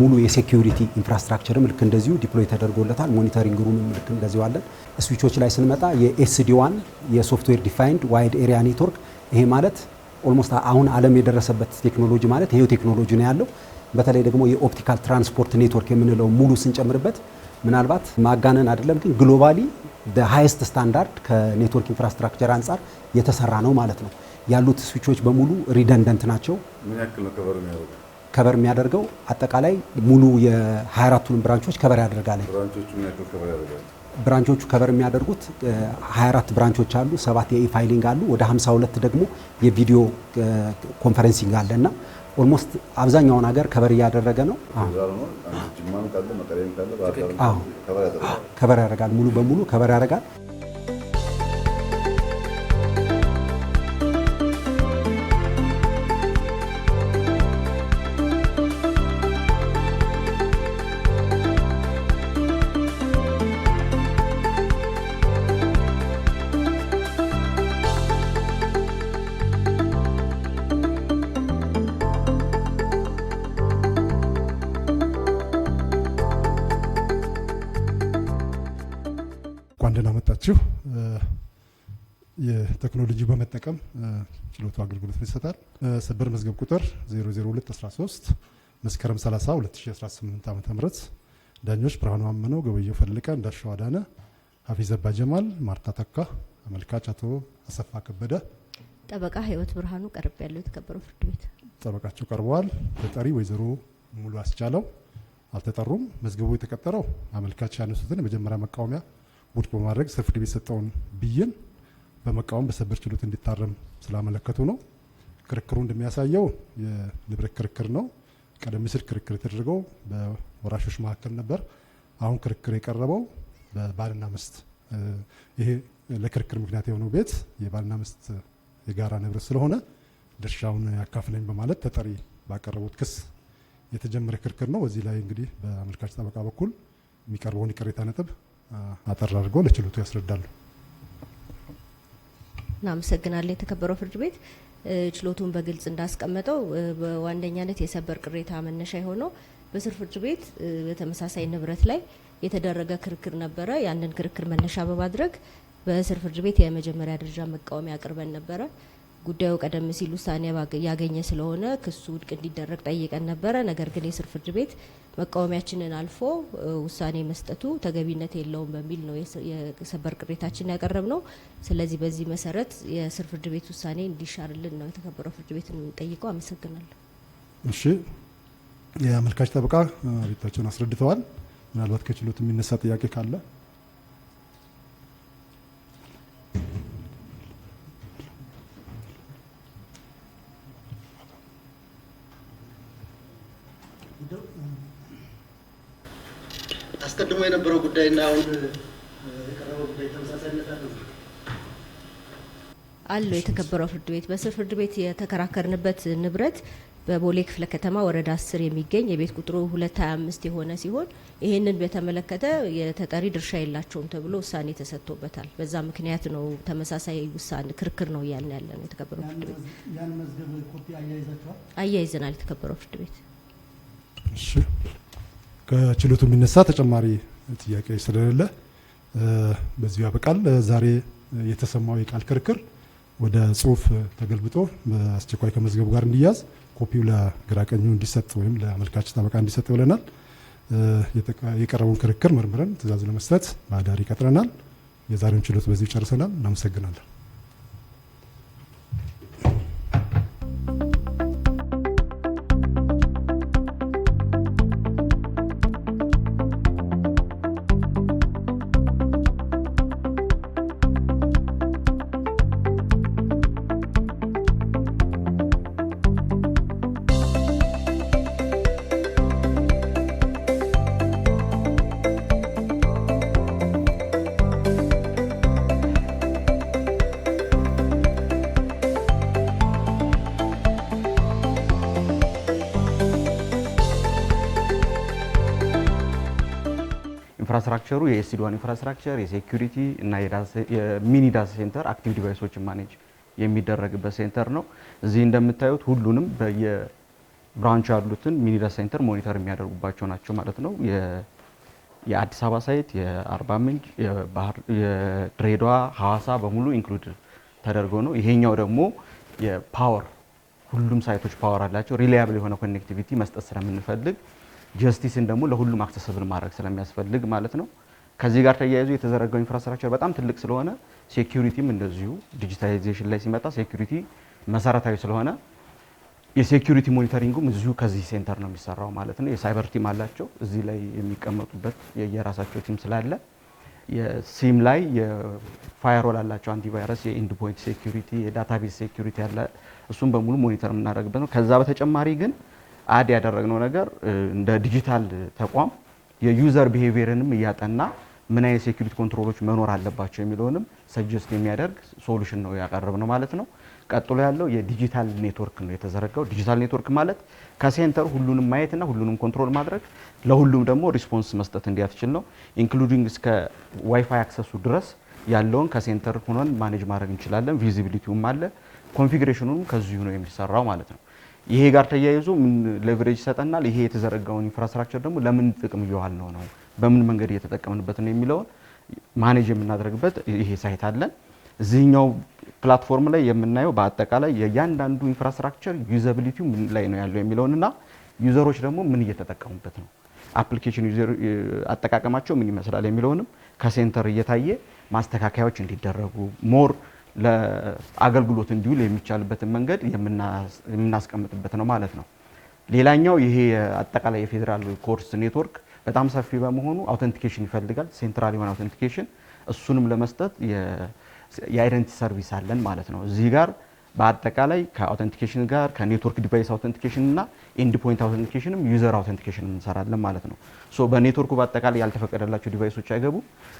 ሙሉ የሴኪዩሪቲ ኢንፍራስትራክቸርም ልክ እንደዚሁ ዲፕሎይ ተደርጎለታል። ሞኒተሪንግ ሩምም ልክ እንደዚሁ አለን። ስዊቾች ላይ ስንመጣ የኤስዲ ዋን የሶፍትዌር ዲፋይንድ ዋይድ ኤሪያ ኔትወርክ ይሄ ማለት ኦልሞስት አሁን ዓለም የደረሰበት ቴክኖሎጂ ማለት ይሄው ቴክኖሎጂ ነው ያለው። በተለይ ደግሞ የኦፕቲካል ትራንስፖርት ኔትወርክ የምንለው ሙሉ ስንጨምርበት ምናልባት ማጋነን አይደለም፣ ግን ግሎባሊ ሃይስት ስታንዳርድ ከኔትወርክ ኢንፍራስትራክቸር አንጻር የተሰራ ነው ማለት ነው። ያሉት ስዊቾች በሙሉ ሪደንደንት ናቸው። ምን ያክል ነው ከበር የሚያደርገው አጠቃላይ ሙሉ የ24ቱን ብራንቾች ከበር ያደርጋል። ብራንቾቹ ከበር የሚያደርጉት 24 ብራንቾች አሉ። ሰባት የኢፋይሊንግ አሉ። ወደ 52 ደግሞ የቪዲዮ ኮንፈረንሲንግ አለ እና ኦልሞስት አብዛኛውን ሀገር ከበር እያደረገ ነው። ከበር ያደርጋል። ሙሉ በሙሉ ከበር ያደርጋል። እንዳልኳችሁ የቴክኖሎጂ በመጠቀም ችሎቱ አገልግሎት ይሰጣል። ሰበር መዝገብ ቁጥር 00213 መስከረም 30 2018 ዓ ም ዳኞች ብርሃኑ አመነው፣ ገበየው ፈልቀ፣ እንዳሻው አዳነ፣ ሀፊዝ አባ ጀማል፣ ማርታ ተካ፣ አመልካች አቶ አሰፋ ከበደ፣ ጠበቃ ህይወት ብርሃኑ ቀርብ ያለው የተከበረው ፍርድ ቤት ጠበቃቸው ቀርበዋል። ተጠሪ ወይዘሮ ሙሉ አስቻለው አልተጠሩም። መዝገቡ የተቀጠረው አመልካች ያነሱትን የመጀመሪያ መቃወሚያ ውድቅ በማድረግ ፍርድ ቤት የሰጠውን ብይን በመቃወም በሰበር ችሎት እንዲታረም ስላመለከቱ ነው። ክርክሩ እንደሚያሳየው የንብረት ክርክር ነው። ቀደም ሲል ክርክር የተደረገው በወራሾች መካከል ነበር። አሁን ክርክር የቀረበው በባልና ምስት ይሄ ለክርክር ምክንያት የሆነው ቤት የባልና ምስት የጋራ ንብረት ስለሆነ ድርሻውን ያካፍለኝ በማለት ተጠሪ ባቀረቡት ክስ የተጀመረ ክርክር ነው። በዚህ ላይ እንግዲህ በአመልካች ጠበቃ በኩል የሚቀርበውን የቅሬታ ነጥብ አጠር አድርገው ለችሎቱ ያስረዳሉ። እናመሰግናለን። የተከበረው ፍርድ ቤት ችሎቱን በግልጽ እንዳስቀመጠው በዋነኛነት የሰበር ቅሬታ መነሻ የሆነው በስር ፍርድ ቤት በተመሳሳይ ንብረት ላይ የተደረገ ክርክር ነበረ። ያንን ክርክር መነሻ በማድረግ በስር ፍርድ ቤት የመጀመሪያ ደረጃ መቃወሚያ አቅርበን ነበረ። ጉዳዩ ቀደም ሲል ውሳኔ ያገኘ ስለሆነ ክሱ ውድቅ እንዲደረግ ጠይቀን ነበረ። ነገር ግን የስር ፍርድ ቤት መቃወሚያችንን አልፎ ውሳኔ መስጠቱ ተገቢነት የለውም በሚል ነው የሰበር ቅሬታችን ያቀረብ ነው። ስለዚህ በዚህ መሰረት የስር ፍርድ ቤት ውሳኔ እንዲሻርልን ነው የተከበረው ፍርድ ቤት የምንጠይቀው። አመሰግናለሁ። እሺ፣ የአመልካች ጠበቃ ቤታቸውን አስረድተዋል። ምናልባት ከችሎት የሚነሳ ጥያቄ ካለ አስቀድሞ የነበረው ጉዳይ እና አሁን የቀረበው ጉዳይ ተመሳሳይነት አለ አሉ የተከበረው ፍርድ ቤት በስር ፍርድ ቤት የተከራከርንበት ንብረት በቦሌ ክፍለ ከተማ ወረዳ አስር የሚገኝ የቤት ቁጥሩ ሁለት ሀያ አምስት የሆነ ሲሆን ይህንን በተመለከተ የተጠሪ ድርሻ የላቸውም ተብሎ ውሳኔ ተሰጥቶበታል። በዛ ምክንያት ነው ተመሳሳይ ውሳኔ ክርክር ነው እያልን ያለ ነው። የተከበረው ፍርድ ቤት ያን መዝገብ ኮፒ አያይዘናል። የተከበረው ፍርድ ቤት ከችሎቱ የሚነሳ ተጨማሪ ጥያቄ ስለሌለ በዚሁ ያበቃል። ዛሬ የተሰማው የቃል ክርክር ወደ ጽሁፍ ተገልብጦ በአስቸኳይ ከመዝገቡ ጋር እንዲያዝ ኮፒው ለግራቀኙ እንዲሰጥ ወይም ለአመልካች ጠበቃ እንዲሰጥ ብለናል። የቀረበውን ክርክር መርምረን ትዕዛዝ ለመስጠት ማዳሪ ይቀጥረናል የዛሬውን ችሎት በዚሁ ጨርሰናል። እናመሰግናለን። ኢንፍራስትራክቸሩ የኤስሲዲዋን ኢንፍራስትራክቸር የሴኩሪቲ እና የሚኒ ዳታ ሴንተር አክቲቭ ዲቫይሶችን ማኔጅ የሚደረግበት ሴንተር ነው። እዚህ እንደምታዩት ሁሉንም በየብራንቹ ያሉትን ሚኒ ዳታ ሴንተር ሞኒተር የሚያደርጉባቸው ናቸው ማለት ነው። የአዲስ አበባ ሳይት፣ የአርባ ምንጭ፣ የድሬዳዋ፣ ሀዋሳ በሙሉ ኢንክሉድ ተደርገው ነው። ይሄኛው ደግሞ የፓወር ሁሉም ሳይቶች ፓወር አላቸው። ሪላያብል የሆነ ኮኔክቲቪቲ መስጠት ስለምንፈልግ ጀስቲስን ደግሞ ለሁሉም አክሰስብል ማድረግ ስለሚያስፈልግ ማለት ነው። ከዚህ ጋር ተያይዞ የተዘረጋው ኢንፍራስትራክቸር በጣም ትልቅ ስለሆነ ሴኩሪቲም እንደዚሁ ዲጂታላይዜሽን ላይ ሲመጣ ሴኩሪቲ መሰረታዊ ስለሆነ የሴኩሪቲ ሞኒተሪንጉም እዚሁ ከዚህ ሴንተር ነው የሚሰራው ማለት ነው። የሳይበር ቲም አላቸው እዚህ ላይ የሚቀመጡበት የየራሳቸው ቲም ስላለ የሲም ላይ የፋየርዋል አላቸው፣ አንቲቫይረስ፣ የኢንድ ፖይንት ሴኩሪቲ፣ የዳታቤዝ ሴኩሪቲ አለ። እሱም በሙሉ ሞኒተር የምናደርግበት ነው። ከዛ በተጨማሪ ግን አድ ያደረግነው ነገር እንደ ዲጂታል ተቋም የዩዘር ቢሄቪየርንም እያጠና ምን አይነት ሴኩሪቲ ኮንትሮሎች መኖር አለባቸው የሚለውንም ሰጀስት የሚያደርግ ሶሉሽን ነው ያቀረብነው ማለት ነው። ቀጥሎ ያለው የዲጂታል ኔትወርክ ነው የተዘረጋው። ዲጂታል ኔትወርክ ማለት ከሴንተር ሁሉንም ማየትና ሁሉንም ኮንትሮል ማድረግ ለሁሉም ደግሞ ሪስፖንስ መስጠት እንዲያስችል ነው። ኢንክሉዲንግ እስከ ዋይፋይ አክሰሱ ድረስ ያለውን ከሴንተር ሆነን ማኔጅ ማድረግ እንችላለን። ቪዚቢሊቲውም አለ። ኮንፊግሬሽኑም ከዚሁ ነው የሚሰራው ማለት ነው። ይሄ ጋር ተያይዞ ምን ሌቨሬጅ ይሰጠናል፣ ይሄ የተዘረጋውን ኢንፍራስትራክቸር ደግሞ ለምን ጥቅም እየዋል ነው ነው በምን መንገድ እየተጠቀምንበት ነው የሚለውን ማኔጅ የምናደርግበት ይሄ ሳይት አለን። እዚህኛው ፕላትፎርም ላይ የምናየው በአጠቃላይ የእያንዳንዱ ኢንፍራስትራክቸር ዩዘብሊቲ ምን ላይ ነው ያለው የሚለውንና ዩዘሮች ደግሞ ምን እየተጠቀሙበት ነው፣ አፕሊኬሽን አጠቃቀማቸው ምን ይመስላል የሚለውንም ከሴንተር እየታየ ማስተካከያዎች እንዲደረጉ ሞር ለአገልግሎት እንዲውል የሚቻልበትን መንገድ የምናስቀምጥበት ነው ማለት ነው። ሌላኛው ይሄ አጠቃላይ የፌዴራል ኮርስ ኔትወርክ በጣም ሰፊ በመሆኑ አውተንቲኬሽን ይፈልጋል። ሴንትራል የሆነ አውተንቲኬሽን እሱንም ለመስጠት የአይደንቲ ሰርቪስ አለን ማለት ነው። እዚህ ጋር በአጠቃላይ ከአውተንቲኬሽን ጋር ከኔትወርክ ዲቫይስ አውተንቲኬሽን እና ኢንድ ፖይንት አውተንቲኬሽንም ዩዘር አውተንቲኬሽን እንሰራለን ማለት ነው። በኔትወርኩ በአጠቃላይ ያልተፈቀደላቸው ዲቫይሶች አይገቡ።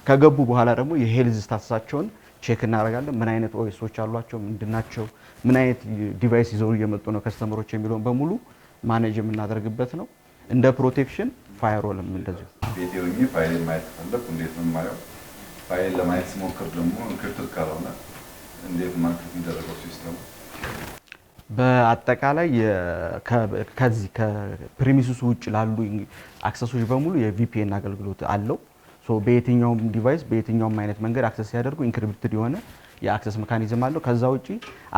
ከገቡ በኋላ ደግሞ የሄልዝ ስታትሳቸውን ቼክ እናደርጋለን። ምን አይነት ኦኤሶች አሏቸው፣ ምንድናቸው፣ ምን አይነት ዲቫይስ ይዘው እየመጡ ነው ከስተመሮች የሚለውን በሙሉ ማኔጅ የምናደርግበት ነው። እንደ ፕሮቴክሽን ፋይሮልም እንደዚሁ ቤቴ ሆኜ ፋይል ማየት ፈለግ እንዴት ነው የማየው? ፋይል ለማየት ሲሞክር ደግሞ እንክርትት ካልሆነ እንዴት ማክት የሚደረገው ሲስተሙ በአጠቃላይ ከዚህ ከፕሪሚሲሱ ውጭ ላሉ አክሰሶች በሙሉ የቪፒኤን አገልግሎት አለው። በየትኛውም ዲቫይስ በየትኛውም አይነት መንገድ አክሰስ ሲያደርጉ ኢንክሪፕትድ የሆነ የአክሰስ ሜካኒዝም አለው። ከዛ ውጪ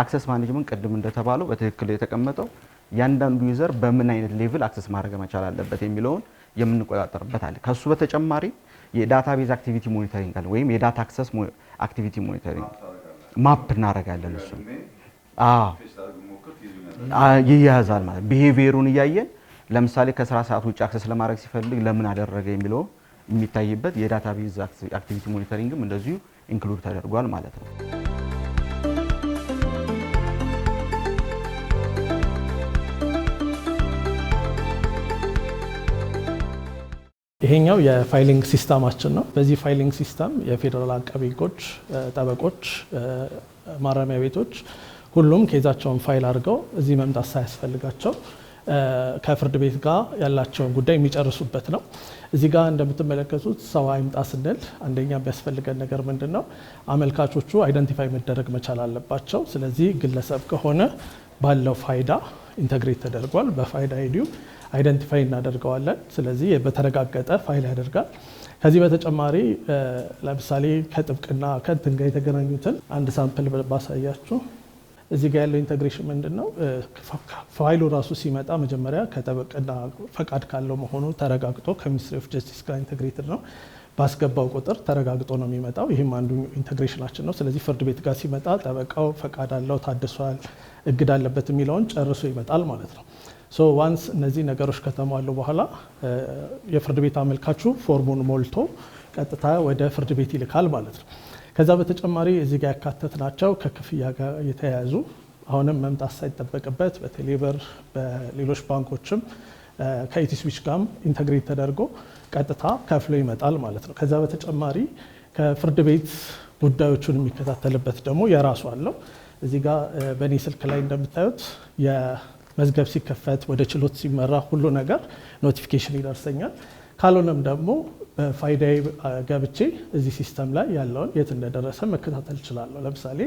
አክሰስ ማኔጅመንት ቅድም እንደተባለው በትክክል የተቀመጠው እያንዳንዱ ዩዘር በምን አይነት ሌቭል አክሰስ ማድረግ መቻል አለበት የሚለውን የምንቆጣጠርበት አለ። ከሱ በተጨማሪ የዳታቤዝ አክቲቪቲ ሞኒተሪንግ አለ ወይም የዳታ አክሰስ አክቲቪቲ ሞኒተሪንግ ማፕ እናደርጋለን። እሱ ይያያዛል ማለት ቢሄቪየሩን እያየን ለምሳሌ ከስራ ሰዓት ውጭ አክሰስ ለማድረግ ሲፈልግ ለምን አደረገ የሚለውን የሚታይበት የዳታ ቤዝ አክቲቪቲ ሞኒተሪንግም እንደዚሁ ኢንክሉድ ተደርጓል ማለት ነው። ይሄኛው የፋይሊንግ ሲስተማችን ነው። በዚህ ፋይሊንግ ሲስተም የፌዴራል አቃቢ ሕጎች፣ ጠበቆች፣ ማረሚያ ቤቶች ሁሉም ኬዛቸውን ፋይል አድርገው እዚህ መምጣት ሳያስፈልጋቸው ከፍርድ ቤት ጋር ያላቸውን ጉዳይ የሚጨርሱበት ነው። እዚህ ጋር እንደምትመለከቱት ሰው አይምጣ ስንል አንደኛ የሚያስፈልገን ነገር ምንድን ነው? አመልካቾቹ አይደንቲፋይ መደረግ መቻል አለባቸው። ስለዚህ ግለሰብ ከሆነ ባለው ፋይዳ ኢንተግሬት ተደርጓል። በፋይዳ አይዲዩ አይደንቲፋይ እናደርገዋለን። ስለዚህ በተረጋገጠ ፋይል ያደርጋል። ከዚህ በተጨማሪ ለምሳሌ ከጥብቅና ከእንትን ጋር የተገናኙትን አንድ ሳምፕል ባሳያችሁ እዚህ ጋር ያለው ኢንተግሬሽን ምንድን ነው? ፋይሉ ራሱ ሲመጣ መጀመሪያ ከጠበቃና ፈቃድ ካለው መሆኑ ተረጋግጦ ከሚኒስትሪ ኦፍ ጀስቲስ ጋር ኢንተግሬትድ ነው ባስገባው ቁጥር ተረጋግጦ ነው የሚመጣው። ይህም አንዱ ኢንተግሬሽናችን ነው። ስለዚህ ፍርድ ቤት ጋር ሲመጣ ጠበቃው ፈቃድ አለው፣ ታድሷል፣ እግድ አለበት የሚለውን ጨርሶ ይመጣል ማለት ነው። ሶ ዋንስ እነዚህ ነገሮች ከተሟሉ በኋላ የፍርድ ቤት አመልካቹ ፎርሙን ሞልቶ ቀጥታ ወደ ፍርድ ቤት ይልካል ማለት ነው። ከዛ በተጨማሪ እዚህ ጋር ያካተት ናቸው ከክፍያ ጋር የተያያዙ አሁንም መምጣት ሳይጠበቅበት በቴሌብር በሌሎች ባንኮችም ከኢቲ ስዊች ጋርም ኢንተግሬት ተደርጎ ቀጥታ ከፍሎ ይመጣል ማለት ነው። ከዛ በተጨማሪ ከፍርድ ቤት ጉዳዮቹን የሚከታተልበት ደግሞ የራሱ አለው። እዚህ ጋር በእኔ ስልክ ላይ እንደምታዩት የመዝገብ ሲከፈት፣ ወደ ችሎት ሲመራ ሁሉ ነገር ኖቲፊኬሽን ይደርሰኛል። ካልሆነም ደግሞ በፋይዳ ገብቼ እዚህ ሲስተም ላይ ያለውን የት እንደደረሰ መከታተል እችላለሁ። ለምሳሌ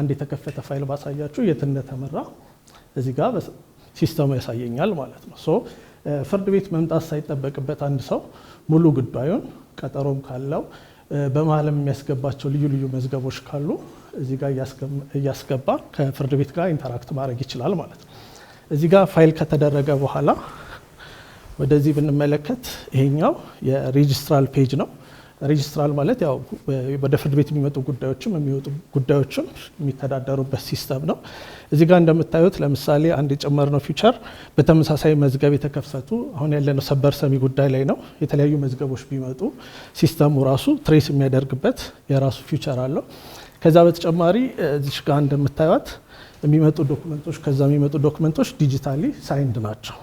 አንድ የተከፈተ ፋይል ባሳያችሁ የት እንደተመራ እዚህ ጋር ሲስተሙ ያሳየኛል ማለት ነው። ሶ ፍርድ ቤት መምጣት ሳይጠበቅበት አንድ ሰው ሙሉ ጉዳዩን ቀጠሮም ካለው በመሀልም የሚያስገባቸው ልዩ ልዩ መዝገቦች ካሉ እዚህ ጋር እያስገባ ከፍርድ ቤት ጋር ኢንተራክት ማድረግ ይችላል ማለት ነው። እዚህ ጋር ፋይል ከተደረገ በኋላ ወደዚህ ብንመለከት ይሄኛው የሬጅስትራል ፔጅ ነው። ሬጅስትራል ማለት ያው ወደ ፍርድ ቤት የሚመጡ ጉዳዮችም የሚወጡ ጉዳዮችም የሚተዳደሩበት ሲስተም ነው። እዚህ ጋር እንደምታዩት ለምሳሌ አንድ የጨመርነው ፊውቸር በተመሳሳይ መዝገብ የተከፈቱ አሁን ያለነው ሰበር ሰሚ ጉዳይ ላይ ነው። የተለያዩ መዝገቦች ቢመጡ ሲስተሙ ራሱ ትሬስ የሚያደርግበት የራሱ ፊውቸር አለው። ከዛ በተጨማሪ እዚች ጋር እንደምታዩት የሚመጡ ዶክመንቶች ከዛ የሚመጡ ዶክመንቶች ዲጂታሊ ሳይንድ ናቸው።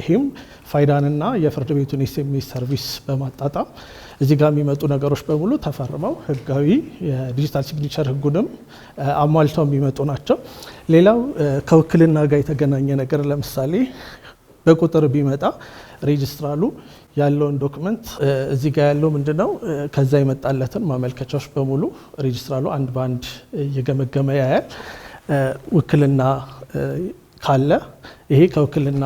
ይህም ፋይዳንና የፍርድ ቤቱን ኤስኤምኤስ ሰርቪስ በማጣጣም እዚህ ጋር የሚመጡ ነገሮች በሙሉ ተፈርመው ህጋዊ የዲጂታል ሲግኒቸር ህጉንም አሟልተው የሚመጡ ናቸው። ሌላው ከውክልና ጋር የተገናኘ ነገር ለምሳሌ በቁጥር ቢመጣ ሬጅስትራሉ ያለውን ዶክመንት እዚህ ጋር ያለው ምንድን ነው? ከዛ የመጣለትን ማመልከቻዎች በሙሉ ሬጅስትራሉ አንድ በአንድ እየገመገመ ያያል። ውክልና ካለ ይሄ ከውክልና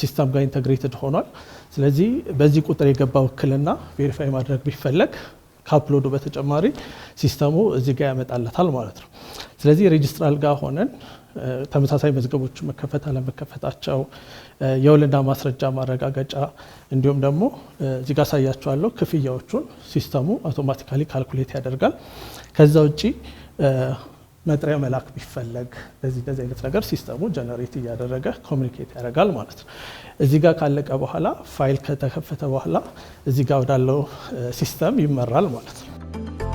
ሲስተም ጋር ኢንተግሬትድ ሆኗል። ስለዚህ በዚህ ቁጥር የገባ ውክልና ቬሪፋይ ማድረግ ቢፈለግ ከአፕሎዱ በተጨማሪ ሲስተሙ እዚህ ጋር ያመጣለታል ማለት ነው። ስለዚህ ሬጅስትራል ጋር ሆነን ተመሳሳይ መዝገቦች መከፈት አለመከፈታቸው፣ የወለዳ ማስረጃ ማረጋገጫ እንዲሁም ደግሞ እዚህ ጋር አሳያችኋለሁ ክፍያዎቹን ሲስተሙ አውቶማቲካሊ ካልኩሌት ያደርጋል። ከዛ ውጭ መጥሪያ መላክ ቢፈለግ ለዚህ ለዚህ አይነት ነገር ሲስተሙ ጀነሬት እያደረገ ኮሚኒኬት ያደርጋል ማለት ነው። እዚህ ጋር ካለቀ በኋላ ፋይል ከተከፈተ በኋላ እዚህ ጋር ወዳለው ሲስተም ይመራል ማለት ነው።